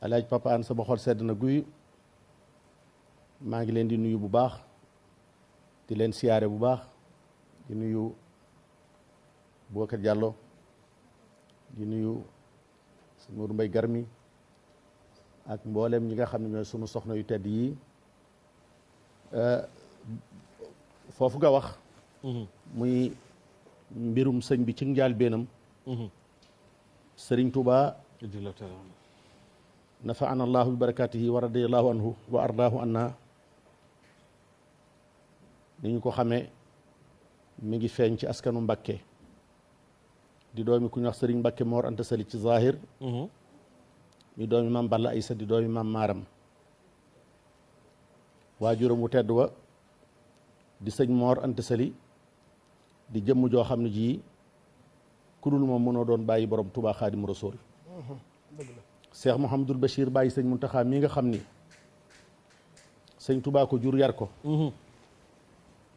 alaaj Papa An sama xol sedd na guy maa ngi leen di nuyu bu baax di leen siyaare bu baax di nuyu Boubacar jàlloo di nuyu Nour Mbaye Garmi ak mboolem ñi nga xam ne ñooy sunu soxna yu tedd yii euh, foofu nga wax mm-hmm. muy mbirum sëñ bi ci njaalbeenam mm-hmm. sëriñ Touba nafaana allahu bi barakaatihi wa radiyallahu anhu wa ardaahu anna ni ñu ko xamee mi ngi feeñ ci askanu Mbàkke di doomi ku ñu wax Sëriñ Mbàkke Moor Anta ci Zahir. di mhm. doomi maam Balla Aysa di doomi maam Maaram waajuram wu tedd wa di sëñ Moor Anta di jëmm joo xam ne ji ku dul moom mënoo doon bàyyi borom Tuubaa Xaadimu Rasuul. Mhm. Cheikh Mouhamadul Bachir bàyyi sëñ Muntaxa mi nga xam ni sëñ Touba ko jur yar ko mhm.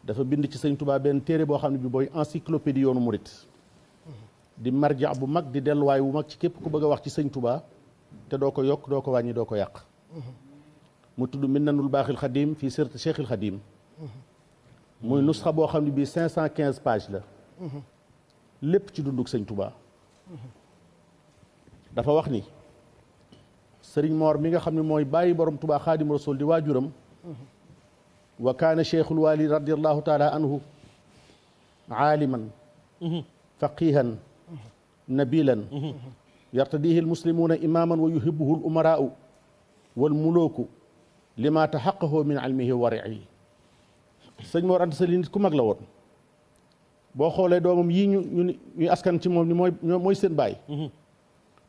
dafa bind ci sëñ Touba benn téere boo xam ne bi booy encyclopédie yoonu murit mhm. di marja bu mag di delluwaay bu mag ci képp ku bëgg a wax ci sëñ Touba te doo ko yokk doo ko wàññi doo ko yàq mhm. mu tudd Minnanul Baaxil Xadim fii Sirat Cheikhil Xadim muy nusxa boo xam ne bii cinq cent quinze pages la lépp ci dunduk sëñ Touba dafa wax ni sëriñ moor mi nga xam ne mooy bàyyi borom tubaa xaadim rasul di waajuram wa kaana cheikhul waali radiallahu taala anhu aaliman faqihan nabilan yartadihi almuslimuuna imaman wa yuhibuhu al umaraau wal mulooku lima taxaqahoo min almihi wa wariihi sëñ moor anta sali nit ku mag la woon boo xoolee doomam yii ñu ñu askan ci moom ni mooy mooy seen baay mm-hmm.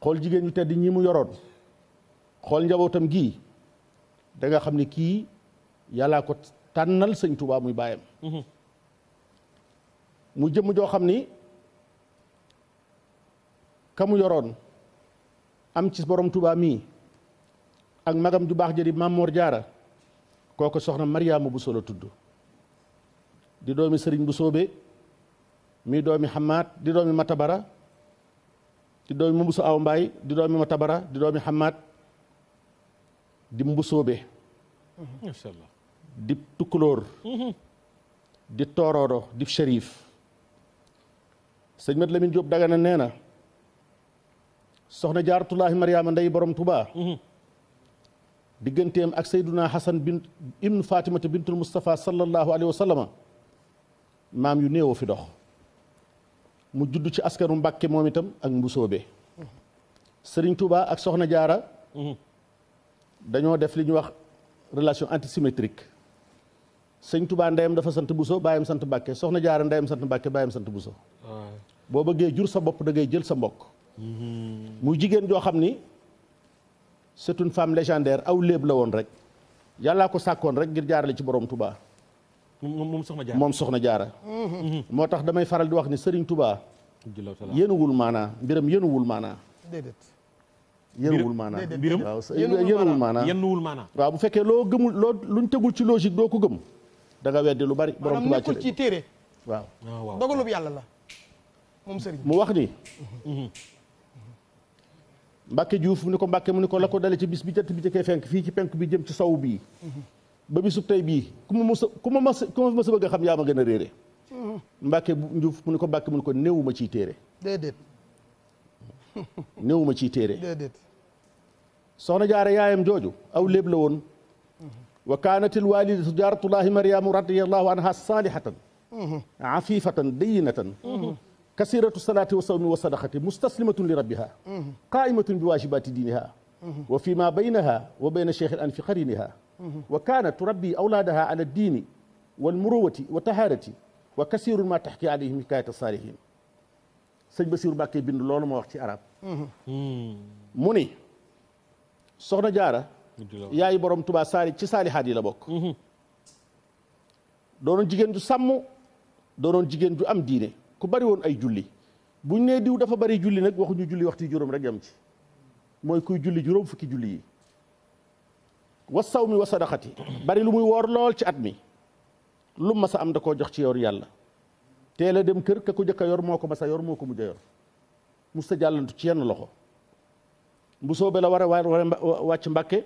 xool jigéen ñu tedd ñi yoroon xool njabootam gii danga xam ni kii yàllaa ko tànnal sëñ Tuubaa muy baayam mhm. mu jëmm joo xam ni kamu mu yoroon am ci borom Tuubaa mii ak magam ju baax jëri Maam Moor Jaara kooku soxna Maryaama Buso la tudd di doomi sëriñ bu soobe mi doomi Xamaat di doomi Matabara di doomi Mabuso Aw Mbaay di doomi Matabara di doomi Xamaat di mbusoobe macha allah di tukkulóor di toorooro di shérif sëñ Mat Lamin Jóob Dagana nee na soxna jaaratullaahi Mariyaama ndey borom Tuubaa mhm. digganteem ak Seyduna Xasan bint ibnu bintul Mustafa sallallahu alayhi wa maam yu néewoo fi dox mu judd ci askanu Mbàkke moom itam ak mbusoobe mhm. sëriñ Tuubaa ak soxna jaara mhm. dañoo def li ñuy wax relation antisymétrique sëñ tubaa ndeyam dafa sant Bousso bàyyam sant Mbàkke soxna Jaara ndeyam sant Mbàkke bàyyam sant Bousso boo bëggee jur sa bopp da ngay jël sa mbokk mm-hmm. muy jigéen joo xam ni c'est une femme légendaire aw léeb la woon rek yàllaa ko sàkkoon rek ngir jaarale ci borom Touba moom soxna jaara moom soxna jaara mm-hmm. moo tax damay faral di wax ni tubaa Touba yéenuwul maanaa mbiram yéenuwul maanaa yënuwul maanaa mbiram waaw bu fekkee loo gëmul loo luñ tegul ci logique doo ko gëm da weddi lu bari borom Tuubaa nekkul ci téere waaw ah, yàlla la mu wax ni mhm. Mhm. Mbàkke Juuf mu ni ko Mbàkke mu ni ko la ko dale ci bis bi jant bi jëkkee fenk fii ci penk bi jëm ci saw bii mhm. ba bisub tey bii ku ma mos a ku ma mos bëgg a xam yaa ma gën a réere Mbàkke Juuf mu ni ko Mbàkke mu ni ko néewuma ciy téere néewuma ciy téere soxna jaara yaayam jooju aw léeb la woon wa kaanatil walidatu jaaratullahi mariamu radiallahu anha saalihatan afifatan dayinatan kasiratu salaati wa sawmi wa sadaqati mustaslimatun li rabbiha qaimatun bi wajibaati diiniha wa fi ma baynaha wa bayna cheikh al anfi qariniha wa kaanat turabbi awlaadaha ala diini wal muruwati wa tahaarati wa kasirun ma taxki alayhim hikayat saalihin sëñ ba Basiru Mbàkke bind loolu ma wax ci arab mm-hmm. mu ni soxna jaara yaay borom tubaa saari ci saalihaat yi la bokk mm-hmm. doonoon jigéen ju sàmm doonoon jigéen ju am diine ku bari woon ay julli buñ nee diw dafa bari julli nag waxuñu julli waxtu juróom rek yam ci mooy kuy julli juróom fukki julli yi wasaw mi wa sadaxati bari lu muy woor lool ci at mi lu masa am da koo jox ci yoor yàlla teel a dem kër ka ko jëkk a yor moo ko mas a yor moo ko mujj a yor musta jàllantu ci yenn loxo bu soobee la war a war a wàcc mbàkke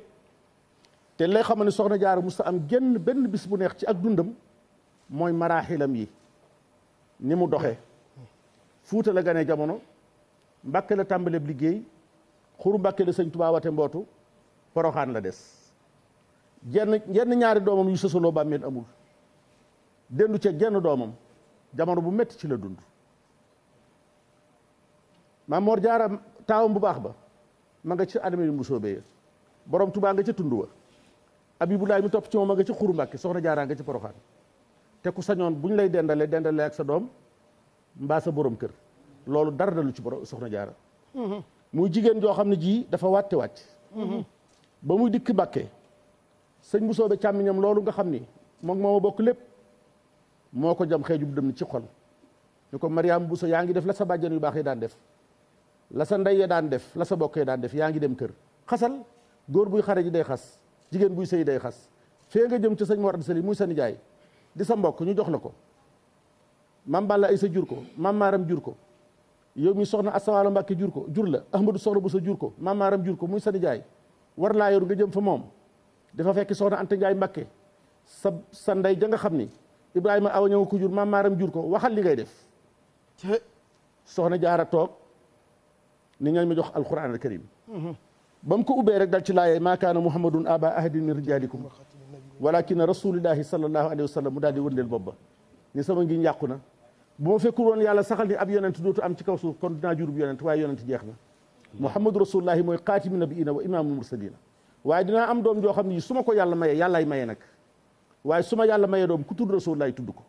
te lay xam ne soxna jaar musta am génn benn bis bu neex ci ak dundam mooy maraaxilam yi ni mu doxe fuuta la gane jamono mbàkke la tàmbaleeb liggéey xuru mbàkke la sëñ Tuubaa wate mbootu poroxaan la des jenn jenn ñaari doomam yu sosoloo bàmmeel amul dendu ca genn doomam jamono bu metti ci la dund maam Mor Jaara taawam bu baax ba ma nga ci adama yi mbusoobe ya borom tubaa nga ca tund wa abibulaay mu topp ci moom ma nga ci xuru mbàkke soxna jaaraa nga ci poroxaan te sañoon bu lay dendalee dendalee ak sa doom mbaa sa borom kër loolu dara dalu ci borom soxna jaara mhm. muy jigéen joo xam ne ji dafa wàtte wàcc mhm. ba muy dikk mbàkke sëñ bu soobe càmmiñam loolu nga xam ni moom moo bokk lépp moo ko jam bu dem ci xol ñu ko bu Bousso yaa ngi def la sa bàjjen yu baax yi daan def la sa ndey ya daan def la sa bokk yi daan def yaa ngi dem kër xasal góor buy xare yi day xas jigéen buy sëy day xas fee nga jëm ca sëñ Mor Anta Sali muy sa nijaay di sa mbokk ñu jox la ko mam Balla Aysa jur ko mam Maaram jur ko yow mi soxna Asawaalo Mbàkke jur ko jur la Ahmadu Soxna Bousso jur ko mam jur ko muy sa nijaay war laa yor nga jëm fa moom dafa fekk soxna Anta Njaay Mbàkke sa sa ndey ja nga xam ni Ibrahima awa ñëw ko jur maam maaram jur ko waxal li ngay def soxna jaara toog ni ngeen ma jox alquran al karim mhm. ba mu ko ubbee rek dal ci laayee maa kaana muhammadun aba ahadin min rijalikum walakina rasulillahi sallallahu alayhi wa sallam mu daal di wëndeel bopp ba ni na bu ma woon yàlla saxal ni ab yonent dootu am ci kaw suuf kon dinaa jur bu yonent waaye yonent jeex na muhammadu rasulullahi mooy xaatimu nabiina waaye dinaa am doom joo xam ne su ma ko yàlla mayee yàllaay maye nag waaye su ma yàlla mayee doom ku tudd rasulullahi tudd ko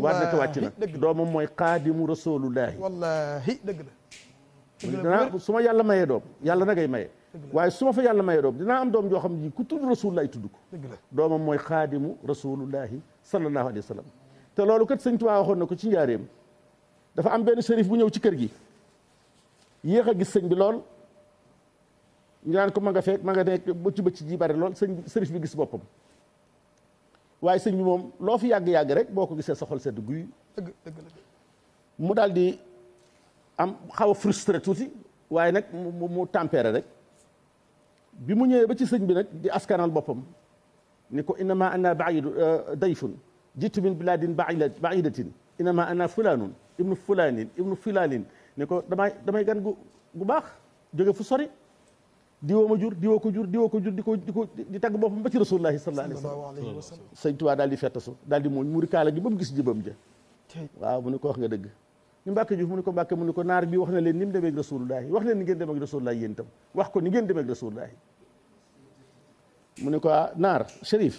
waar neke wàcc na doomam mooy xaadimu rasulullahi wallahi dëgg la dinaa su ma yàlla mayee doom yàlla na ngay maye waaye su ma fa yàlla mayee doom dinaa am doom joo xam ne ku tudd rasulullahi tudd ko doomam mooy xaadimu rasulullahi sallallahu alayhi wa sallam te loolu kat sëñ Tuubaa waxoon na ko ci njaareem dafa am benn sërif bu ñëw ci kër gi yéex a gis sëñ bi lool ñaan naan ko ma nga fekk ma nga nekk bëcc bëcc ji bari lool sëñ bi sërif bi gis boppam waaye sëñ bi moom loo fi yàgg-yàgg rek boo ko gisee sa xol sedd guy dëgg mu daal di am xaw a frustré tuuti waaye nag mu mu tempéré rek bi mu ñëwee ba ci sëñ bi nag di askanal boppam ni ko innama ana baidu euh, dayfun jitu min biladin baidatin innama ana fulaanun ibnu fulaanin ibnu fulaanin ni ko damay damay gan gu gu baax jóge fu sori diwoo ma jur diwoo ko jur diwoo ko jur di ko di ko di tagg boppam ba ci rasulullahi sallallahu alayhi wa sallam sëñ Tuubaa daal di fettasu daal di mooñ muri kaala gi ba mu gis jëbam ja waaw mu ne ko wax nga dëgg ni Mbàkke Juuf mu ne ko Mbàkke mu ne ko naar bi wax na leen ni mu demee ak rasulullahi wax leen ni ngeen demee ak rasulullahi wax ko ni ngeen demee ak mu ne ko ah, naar Chérif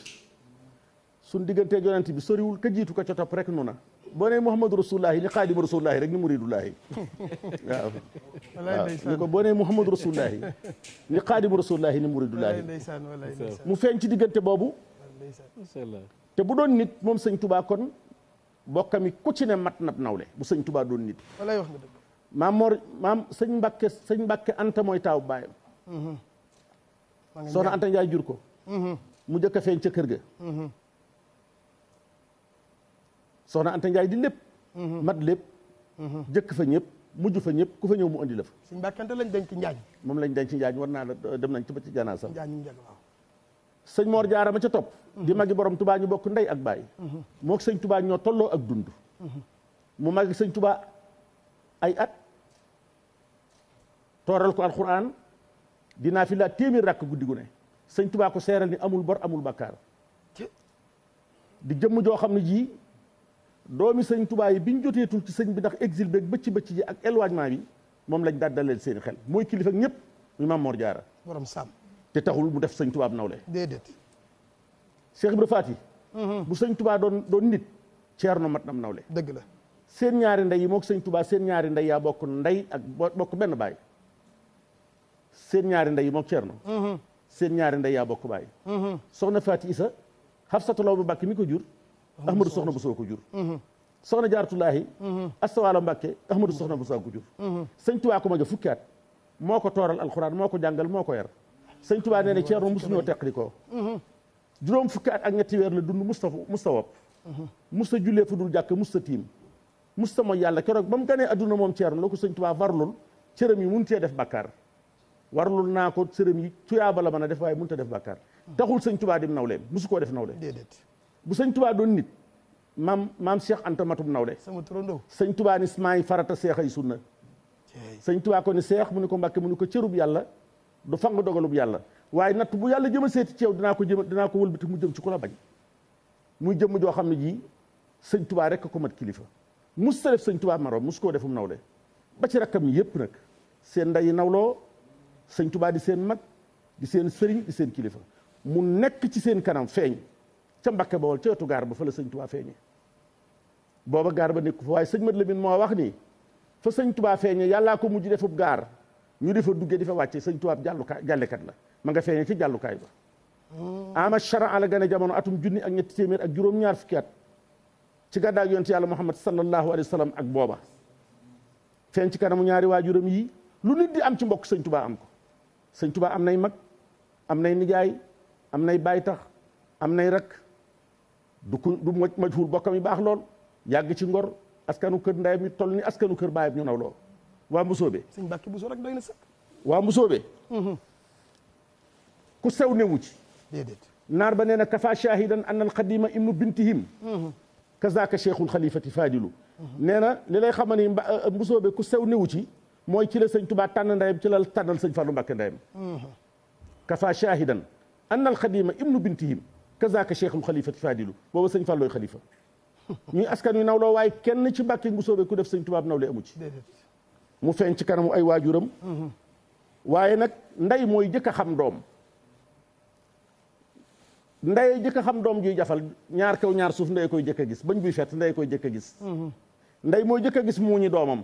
suñ digganteeg yonent bi soriwul ka jiitu ko ca topp rek nu na boo nee Mouhamadou Rasulullahi ni xaadimu Rasulullahi rek ni muridullahi waaw waaw ni ko boo nee Mouhamadou Rasulullahi ni xaadimu Rasulullahi ni muridullahi mu feeñ ci diggante boobu te bu doon nit moom sëñ tubaa kon bokkami ku ci ne mat nab nawle bu sëñ Touba doon nit maam Mor maam sëñ Mbàkke sëñ Mbàkke Anta mooy taaw baayam mhm. soxna Anta Njaay jur ko mhm. mu jëkk feeñ ca kër ga mhm. soxna Anta Ndiaye di lépp. Mhm. mat lépp. Mhm. jëkk fa ñëpp mujj fa ñëpp ku fa ñëw mu andi la fa. suñu mbàkkante lañ denc Njaañ. moom lañ denc Njaañ war naa dem nañ ci ba ci janaa sax. Njaañ Njaañ ca topp. Mhm. di magi borom Touba ñu bokk ndey ak baay. moog sëñ Touba ñoo tolloo ak dund. mu magi sëñ Touba ay at. tooral ko alxuraan dinaa fi laa téeméer rakk guddi gu sëñ Touba ko seeral ni amul bor amul bakkaar. di jëmm joo xam ne jii. doomi sëñ Tuubaa yi bi ñu joteetul ci sëñ bi ndax exil beeg bëcc bëcc ji ak éloignement bi moom lañ daal daleel seen xel mooy kilifa ak ñëpp muy Maam Mor Jaara borom sàmm te taxul mu def sëñ Tuubaa nawle déedéet Cheikh Ibra Faati mm-hmm. bu sëñ Tuubaa doon doon nit Ceerno mat nam nawle dëgg la seen ñaari ndey yi mook sëñ tubaa seen ñaari ndey yaa bokk ndey ak bokk benn baay seen ñaari ndey yi mook Ceerno mm-hmm. seen ñaari ndey yaa bokk baay mm-hmm. soxna Faati Isa Xafsatu Law bu Mbàkke mi ko jur ahmadou soxna bu soo ko jur soxna jaaratullaahi astawaalo mbàkke ahmadou soxna bu soo ko jur sëñ tubaa ko mage fukki at moo ko tooral alxuraan moo ko jàngal moo ko yar sëñ tubaa nee na ceerno mosuñoo teqli ko juróom fukki at ak ñetti weer la dund mustafa mustawob musta jullee fu dul jàkk musta tiim musta mooy yàlla keroog ba mu ganee adduna moom ceerno la ko sëñ tubaa warlul cërëm yi mun tee def bàkkaar warlul naa ko cërëm yi tuyaaba la mën a def waaye mun ta def bàkkaar taxul sëñ tubaa dim nawleem musu bu sëñ tubaa doon nit maam maam Cheikh Anta matum naw de sama turandoo sëñ tubaa ni maay farata seex ay sunna sëñ tubaa ko ni seex mu ni ko mbàkke mu ni ko cërub yàlla du fang dogalub yàlla waaye natt bu yàlla jëm a seeti ci dinaa ko jëm dinaa ko wëlbati mu jëm ci ku la bañ muy jëmm joo xam ne jii sëñ tubaa rek ko mat kilifa mus ta def sëñ tubaa maroom mus koo defum nawle ba ci mi yépp nag seen ndayi nawloo sëñ tubaa di seen mag di seen sëriñ di seen kilifa mu nekk ci seen kanam feeñ ca Mbakke Bawol ca ëttu gaar ba fa la sëñ Tuubaa feeñe booba gaar ba nekk fa waaye sëñ Mat Lamin moo wax ni fa sëñ tubaa feeñe yàllaa ko mujj defub gaar ñu di fa duggee di fa wàcce sëñ Tuubaa jàllukaay jàllekat la ma nga feeñe ci jàllukaay ba hmm. ama charan ala gane jamono atum junni ak ñetti téeméer ak juróom-ñaar fukki at ci gàddaag yonent yàlla Muhammad sallallahu alayhi wa sallam ak booba feeñ ci kanamu ñaari waajuram yi lu nit di am ci mbokk sëñ am ko sëñ am nay mag am nay nijaay am nay baay tax am nay rakk du ku du majhul bokkam yi baax lool yàgg ci ngor askanu kër ndayam yi toll ni askanu kër baayam ñu naw lool waa Mbusoobe sëñ Mbàkke Buso rek doy na sëkk waa Mbusoobe mhm. ku sew newu ci naar ba nee na kafa shahidan an alqadima ibnu bintihim mhm. kazaka cheikhul xalifati fadilu nee na li lay xamal ni euh, euh, Mbusoobe ku sew newu ci mooy ci la sëñ Tubaa ci la tànnal sëñ Fallu Mbàkke ndayam mhm. kafa shahidan an alqadima ibnu bintihim kazaka cheikhul xalifati fadilu booba sañ fàllooy xalifa ñuy askan wi nawloo waaye kenn ci mbàkke bu soobee ku def sëñ tubaab nawle amu ci mu feeñ ci kanamu ay waajuram waaye nag ndey mooy jëkk a xam doom ndey jëkk a xam doom juy jafal ñaar kew ñaar suuf ndey koy jëkk a gis bañ buy fett ndey koy jëkk a gis ndey mooy jëkk a gis muuñi doomam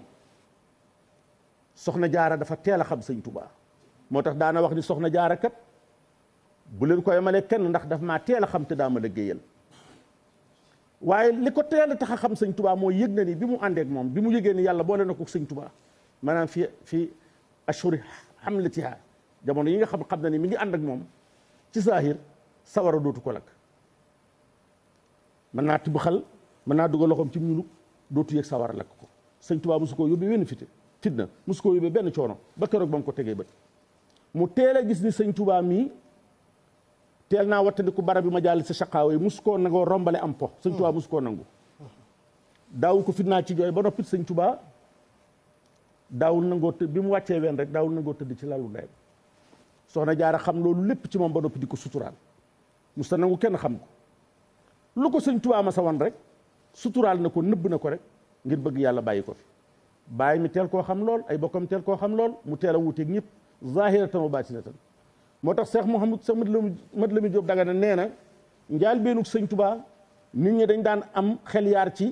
soxna jaara dafa teel a xam sëñ tubaa moo tax daana wax ni soxna jaara kat bu leen koy yemalee kenn ndax daf maa teel a xam te daa ma liggéeyal waaye li ko teel a tax a xam sëñ tubaa mooy yëg na nii bi mu àndeek moom bi mu yëgee ni yàlla boole na ko sëñ tubaa maanaam fi fi ashuri hamlatiha jamono yi nga xam xam na ni mi ngi ànd ak moom ci saahir sawara dootu ko lakk mën naa tibb xal mën naa dugal loxoom ci ñulug dootu yëg a lakk ko sëñ tubaa mosu koo yóbbee wenn fite fitna mosu koo yóbbee benn coono ba keroog ba ko tegee bët mu teel a gis ni sëñ tubaa mii teel naa wattandiku barab bi ma jàll sa saqaaw yi mus koo nangoo rombale am po sëñ tubaa mus koo nangu daawu ko naa ci jooy ba noppit sëñ tubaa daawul nangoo të bi mu wàccee ween rek daawul nangoo tëdd ci lalu ndeyam soxna jaara xam loolu lépp ci moom ba noppi di ko suturaal mus ta nangu kenn xam ko lu ko sëñ tubaa ma sa wan rek suturaal na ko nëbb na ko rek ngir bëgg yàlla bàyyi ko fi bàyyi mi teel koo xam lool ay bokkam teel koo xam lool mu teel a wuuteeg ñëpp zahiratan wa batinatan moo tax Cheikh Mouhamad la Mat Lamin Diop Dagana nee na njaal beenug sëñ Tuubaa nit ñi dañ daan am xel yaar ci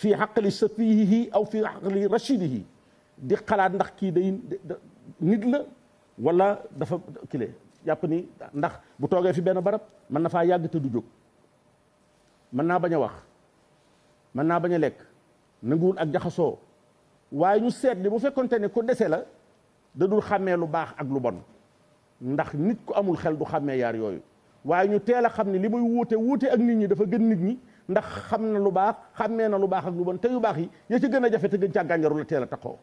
fii xaqali safiihi aw fii xaqali rashidihi di xalaat ndax kii day nit la walla dafa kile yàpp ni ndax bu toogee fi benn barab mën na faa yàgg te du jóg mën naa bañ a wax mën naa bañ a lekk nanguwul ak jaxasoo waaye ñu seet li bu fekkonte ne ku dese la da dul xàmmee lu baax ak lu bon ndax nit ku amul xel du xàmmee yaar yooyu waaye ñu teel a xam ne li muy wuute wuute ak nit ñi dafa gën nit ñi ndax xam na lu baax xàmmee na lu baax ak lu bon te yu baax yi ya ci gën a jafe te gën caa gànjaru la teel a taxaw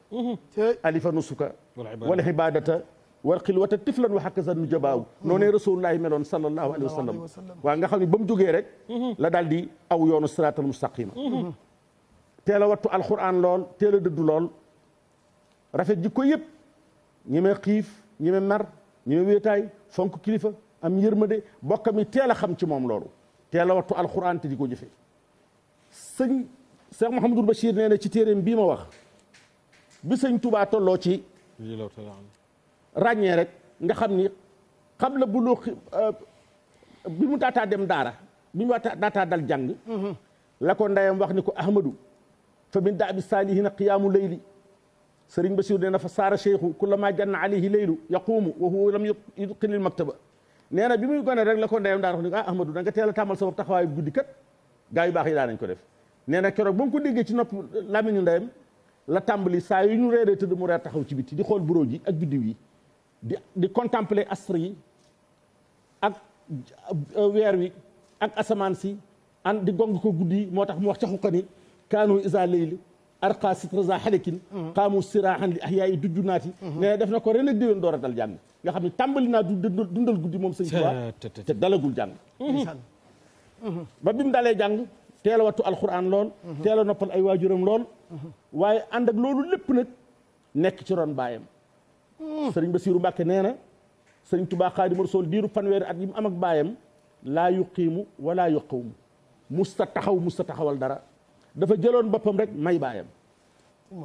alifa nusuka wal ibadata wal xilwata tiflan wa hakaza nu jabaaw noo ne rasulullahi meloon sallallahu alayhi wa sallam waaw nga xam ne ba mu jógee rek la daal di aw yoonu siraatal mustaqima teel a wattu alquran lool teel a dëddu lool rafet jikko yëpp ñi may xiif ñi may mar ñu ne wéetaay fonk kilifa am yërmande bokka mi teel a xam ci moom loolu teel a alxuraan te di ko jëfe sëñ Cheikh Mouhamadul Bachir nee na ci téeréem bii ma wax bi sëñ Touba tolloo ci ràññee rek nga xam ni xam la bu loo bi mu daataa dem daara bi mu waata dal jàng mhm. la ko ndeyam wax ni ko ahmadou fa min daabi saalihiina qiyaamu layli sëriñ Basiru nee na fa saara cheikhu kullama janna alayhi leylu yaquumu wa huwa lam yutqinil maktaba nee na bi muy gone rek la ko ndeyam daa wax ni ah Ahmadou da nga teel a tàmmal sa bopp taxawaayu guddi kat gaa yu baax yi daa nañ ko def nee na keroog ba mu ko déggee ci nopp làmmiñu ndeyam la tàmbali saa yu ñu reeree tëdd mu reer taxaw ci biti di xool bureau ji ak biddiw yi di di contempler astre yi ak weer wi ak asamaan si an di gong ko guddi moo tax mu wax ca xuqani kaanu isa leyli arqa sitrasa xadekin qaamu sirahan li ahyaa yi dujju naati nee na def na ko ren ak déwén door a dal jàng nga xam ne tàmbali naa dundal guddi moom sëñ Tuubaa te dalagul jàng ba bi mu dalee jàng teel a wattu alxuraan lool teel a noppal ay waajuram lool waaye ànd ak loolu lépp nag nekk ci ron baayam sëriñ Basiiru Mbàkke nee na sëriñ Tuubaa Xaadimu Rasuul diiru fanweeri at yi mu am ak baayam laa yuqiimu wala yuqawmu musta taxaw musta taxawal dara dafa jëloon boppam rek may baayam sëñ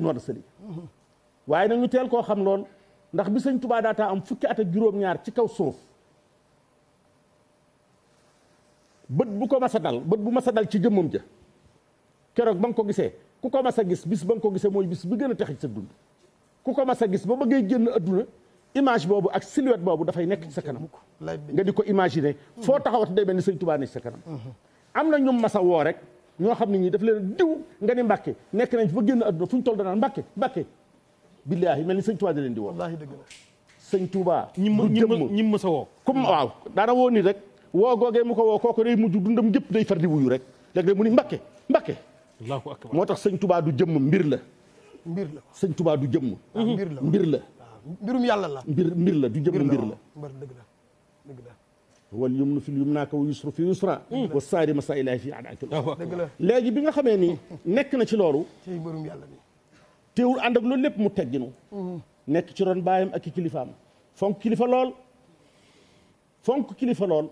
Mor Anta Sali mhm. waaye nag teel koo xam loon ndax bi sëñ Tubaa daataa am fukki at ak juróom-ñaar ci kaw suuf bët bu ko mas a dal bët bu mas a dal ci jëmmam ja keroog ba nga ko gisee ku ko mas a gis bis ba nga ko gisee mooy bis bi gën a texaj sa dund ku ko mas a gis ba bëggee génn adduna image boobu ak silhouette boobu dafay nekk ci sa kanam nga di ko imaginer foo taxawat day mel ni sëñ Tubaa ne sa kanam mhm. am na ñum mas a woo rek ñoo xam ne ñii daf leen diw nga ni mbàkke nekk nañ fa génn adduna fu ñu toll danaan mbàkke mbàkke billaahi mel ni sëñ Tuubaa da leen di woo wallaahi dëgg la sëñ Tuubaa ñi mës woo comme waaw woo nit rek woo googee mu ko woo kooku day mujj dundam jëpp day far di wuyu rek léeg-léeg mu ni mbàkke mbàkke moo tax sëñ Tuubaa du jëmm mbir la mbir la sëñ Tuubaa du jëmm ah, mbir la mbir la ah, mbirum yàlla la mbir mbir la du jëmm mbir la dëgg la la wal yumnu fil yumna ka wa yusru fi yusra hmm. wa saari masa ilahi fi adaki léegi bi xamee ni hmm. nekk na ci loolu teewul ànd ak loolu lépp mu tegginu hmm. nekk ci ron baayam ak i kilifaam fonk kilifa lool fonk kilifa lool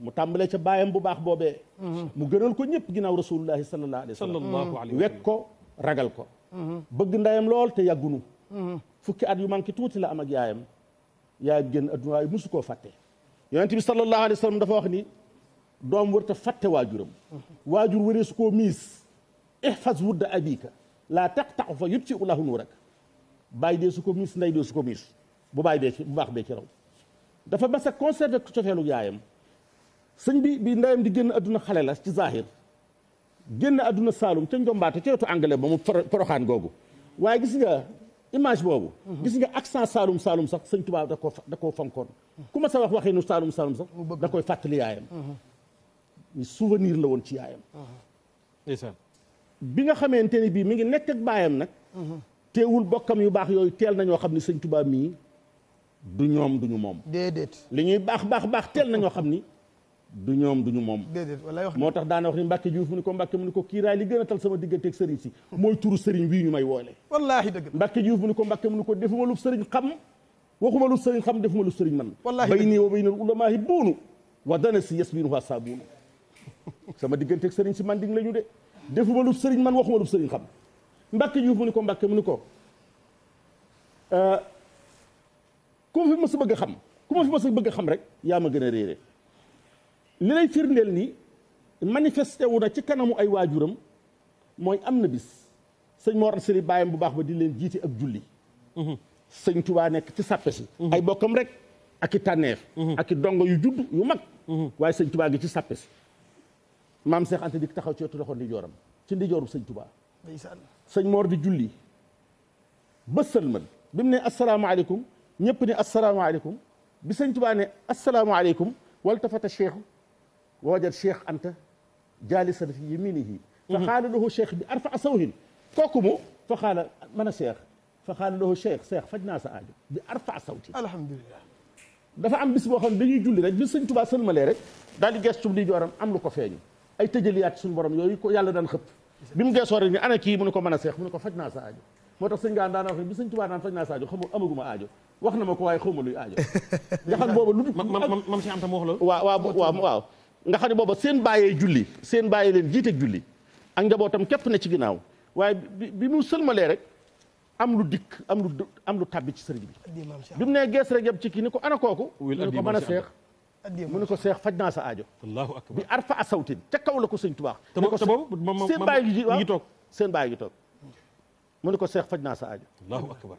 mu tàmbalee ca baayam bu baax boobee mu gënal ko ñëpp ginnaaw rasulullahi sallallahu alayhi wa sallam wek ko ragal ko bëgg ndayam lool te yàggunu fukki at yu manqué tuuti la am ak yaayam yaayam génn adduna waaye mosu koo fàtte yonent bi sallallahu alayhi wa sallam dafa wax ni doom warut a fàtte waajuram waajur waree su koo miis ihfaz wudda abika laa taxu fa yutfi'u lahu nuuraka bàyyi dee su ko miis ndey dee su ko miis bu bàyyi bee ci bu baax bee ci raw dafa mas a conservé cofeelu yaayam sëñ bi bi ndeyam di génn àdduna xale la ci zahir génn àdduna saalum ca njombaate ca wetu anglais ba mu poroxaan googu waaye gis nga image boobu gis nga accent saalum saalum sax sañ tubaab da koo da koo fonkoon ku ma sa wax waxee nu saalum saalum sax da koy fàttali yaayam souvenir la woon ci yaayam bi nga xamante ni bii mi ngi nekk ak baayam nag teewul bokkam yu baax yooyu teel nañoo xam ni sëñ tubaab mii du ñoom duñu moom déedéet li ñuy baax baax baax teel nañoo xam ni du ñoom du moom moo tax daana wax ni Mbàkke Juuf mu ni ko Mbàkke mu ko kiiraay li gën a tal sama digganteeg sëriñ si mooy turu sëriñ wii ñu may woole wallaahi dëgg Mbàkke Juuf mu ko Mbàkke mu ni ko defuma lu sëriñ xam waxuma lu sëriñ xam defuma lu sëriñ man bay nii wa bay nal ulamaa yi buunu saa sama digganteeg sëriñ si man ding la ñu de defuma lu sëriñ man waxuma lu sëriñ xam Mbàkke Juuf mu ni ko Mbàkke mu ni ko euh, ku ma fi mës a bëgg xam ku ma fi mës a bëgg a xam rek yaa ma gën a réere li lay firndeel ni manifesté wu na ci kanamu ay waajuram mooy am na bis sëñ Mor Sali baayam bu baax ba di leen jiite ab julli mhm. sëñ Tuubaa nekk ci sàppe si mhm. ay bokkam rek ak i tànneef mhm. ak i dongo yu judd yu mag waaye sëñ Tuubaa gi ci sàppe si maam Seex Anta dik taxaw ci wetu loxo ndijooram ci ndijooru sëñ Tuubaa sëñ Mor di julli ba sëlmal bi mu ne asalaamaaleykum ñëpp ne asalaamaaleykum bi sëñ Tuubaa ne asalaamaaleykum wal tafata cheikhu woojat cheikh anta jaalisan fi yaminihi fa mhm. xaala lahu cheikh bi arfa sawhin kooku mu fa xaala man a cheikh fa xaala lahu cheikh cheikh faj naa sa aajo bi arfa sawti alhamdulilah dafa am bis boo xam ne dañuy julli rek bi sëñ tubaa sëlmalee rek daal di gestu di jooram am lu ko feeñu ay tëjaliyaat suñu borom yooyu ko yàlla daan xëpp bi mu geesoo rek ni ana kii mu ko mën a seex mu ko faj naa sa aajo moo tax sëñ gaan daana wax ne bi aajo xamu amaguma aajo wax na ma ko waaye xawma luy aajo jaxan boobu lu mam si am tam wax loolu waaw waaw waaw waaw nga xam ne booba seen bàyyee julli seen bàyyee leen jiiteeg julli ak njabootam képp ne ci ginnaaw waaye bi mu sëlmalee rek am lu dikk am lu am lu tàbbi ci sëriñ bi bi mu nee gees rek yëpp ci kii ni ko ana kooku mu ne ko mën a seex mu ne ko seex faj naa sa aajo allahu akbar bi arfa a sawtin ca kaw la ko sëñ tubaax seen bàyyi gi waaw toog seen bàyyi gi toog mu ne ko seex faj naa sa aajo allahu akbar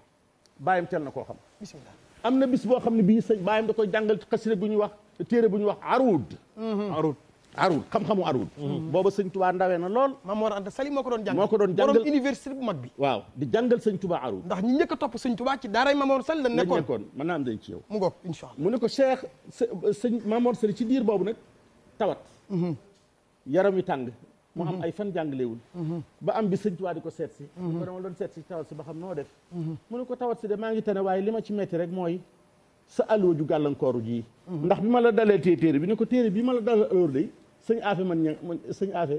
bàyyam teel na koo xam bismillah am na bis boo xam ne bii sëñ bàyyam da koy jàngal ci xasida bu ñuy wax téere bu ñuy wax aruud Mm-hmm. arut arut xam-xamu arut mm-hmm. booba sëñ tubaa ndawee na lool maam Mor Anta Sali moo ko doon jàngal moo ko doon jàngal borom bi waaw di jàngal sëñ tubaa arut ndax ñu njëkk a topp sëñ tubaa ci daaray maam Mor Sali la nekkoon nekkoon mën naa am day ci yow mu ne ko cheikh sëñ maam Mor Sali ci diir boobu nag tawat mm-hmm. yaram wi tàng mu am ay fan jàngaleewul ba am bi sëñ tubaa di ko seet si ko dama doon seet si tawat si ba xam noo def mu ne ko tawat si de maa ngi tane waaye li ma ci metti rek mooy sa alluwa ju gàllankooru ji. ndax bi ma la dalee téye téere bi ne ko téere bi ma la dalal alors de sëñ Afe man ña man sëñ Afe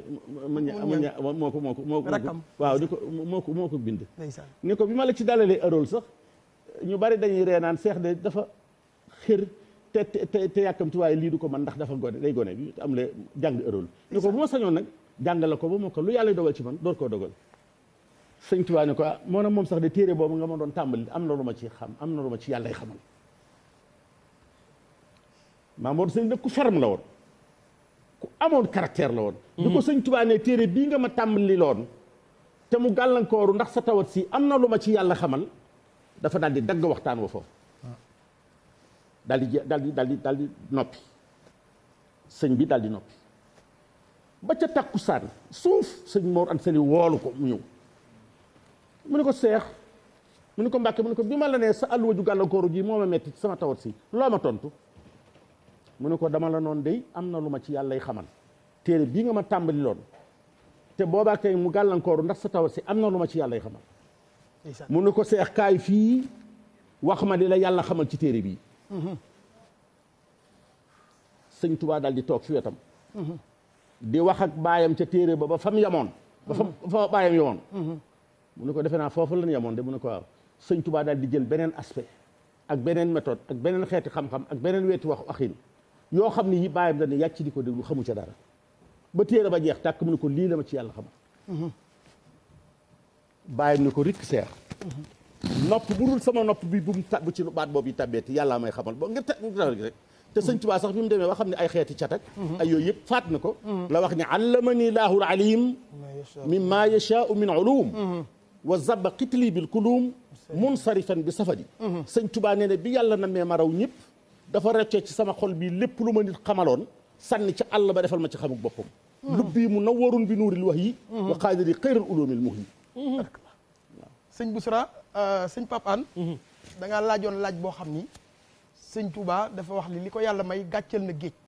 man ña moo ko moo ko moo ko waaw ni ko moo ko moo ko bind. ne ko bi ma la ci dalalee arool sax ñu bari dañuy reenaan seex de dafa xër te te te yàkkamti lii du ko man ndax dafa gone day gone bi am le jàng arool. ne ko sañoon nag jàngale ko ba moo ko lu yàlla dogal ci man door koo dogal. sëñ Tuubaa ne ko ah moo moom sax de téere boobu nga ma doon tàmbali am na lu ma ci xam am na lu ma ci yàlla xamal. maam Mor Sëñ nag ku ferme la woon ku amoon caractère la woon ni ko mm-hmm. sëñ téere bii nga ma tàmbali loon te mu gàllankooru ndax sa tawat si am na lu ma ci yàlla xamal dafa daal di dagg waxtaan wa foofu ah. daal di daal di noppi sëñ bi daal di noppi ba ca takkusaan suuf sëñ Mor Anta Sali woolu ko mu ñëw mu ne ko seex mu ne ko mbàkke mu ne ko bi ma la nee sa àlluwa ju gàllankooru ji moo ma metti sama tawat si loo ma tontu mu ne ko dama la noon day am na lu ma ci yàlla yàllay xamal téere bii nga ma tàmbali loon te boobaa tey mu gàllankooru ndax sa taw si am na lu ma ci yàllay xamal mu ne ko seex kaay fii wax ma di la yàlla xamal ci téere bii mhm. sëñ tubaa daal di toog fi wetam mhm. di wax ak baayam ca téere ba ba fam yamoon ba fam mhm. fa baayam yamoon mu ne ko defe naa foofu lan yamoon de mu ne ko waaw sëñ tubaa daal di jël beneen aspect ak beneen méthode ak beneen xeeti xam-xam ak beneen weeti wax waxin yoo xam ne yi bàyyam dane yàcc di ko déglu xamu ca dara ba téere ba jeex tàkk mu ko lii la ma ci yàlla xamal bàyyam ne ko rikk seer nopp bu dul bi bu mu tab ci baat boobu yi tabbeeti yàllaa may xamal bo nga tawgi rek te sëñ Tuubaa sax bi mu demee ba xam ne ay xeeti catak ay yooyu yëpp faat na ko la wax ne allamani laahu alim mimma yashaau min ulum wa zaba qitli bil kulum munsarifan bi safadi mm-hmm. sëñ Tuubaa nee ne bi yàlla na mee ma raw ñëpp dafa reccee ci sama xol bii lépp lu ma nit xamaloon sànni ci àll ba defal ma ci xamuk boppam hmm. lubbii mu nawarun bi nuuril wax yi hmm. wa xaadiri xëyral ulóomil muh yi hmm. sëñ Bousra euh, sëñ Pape Hann laajoon laaj boo xam ni sëñ Touba dafa wax ni li ko yàlla may gàccel na géej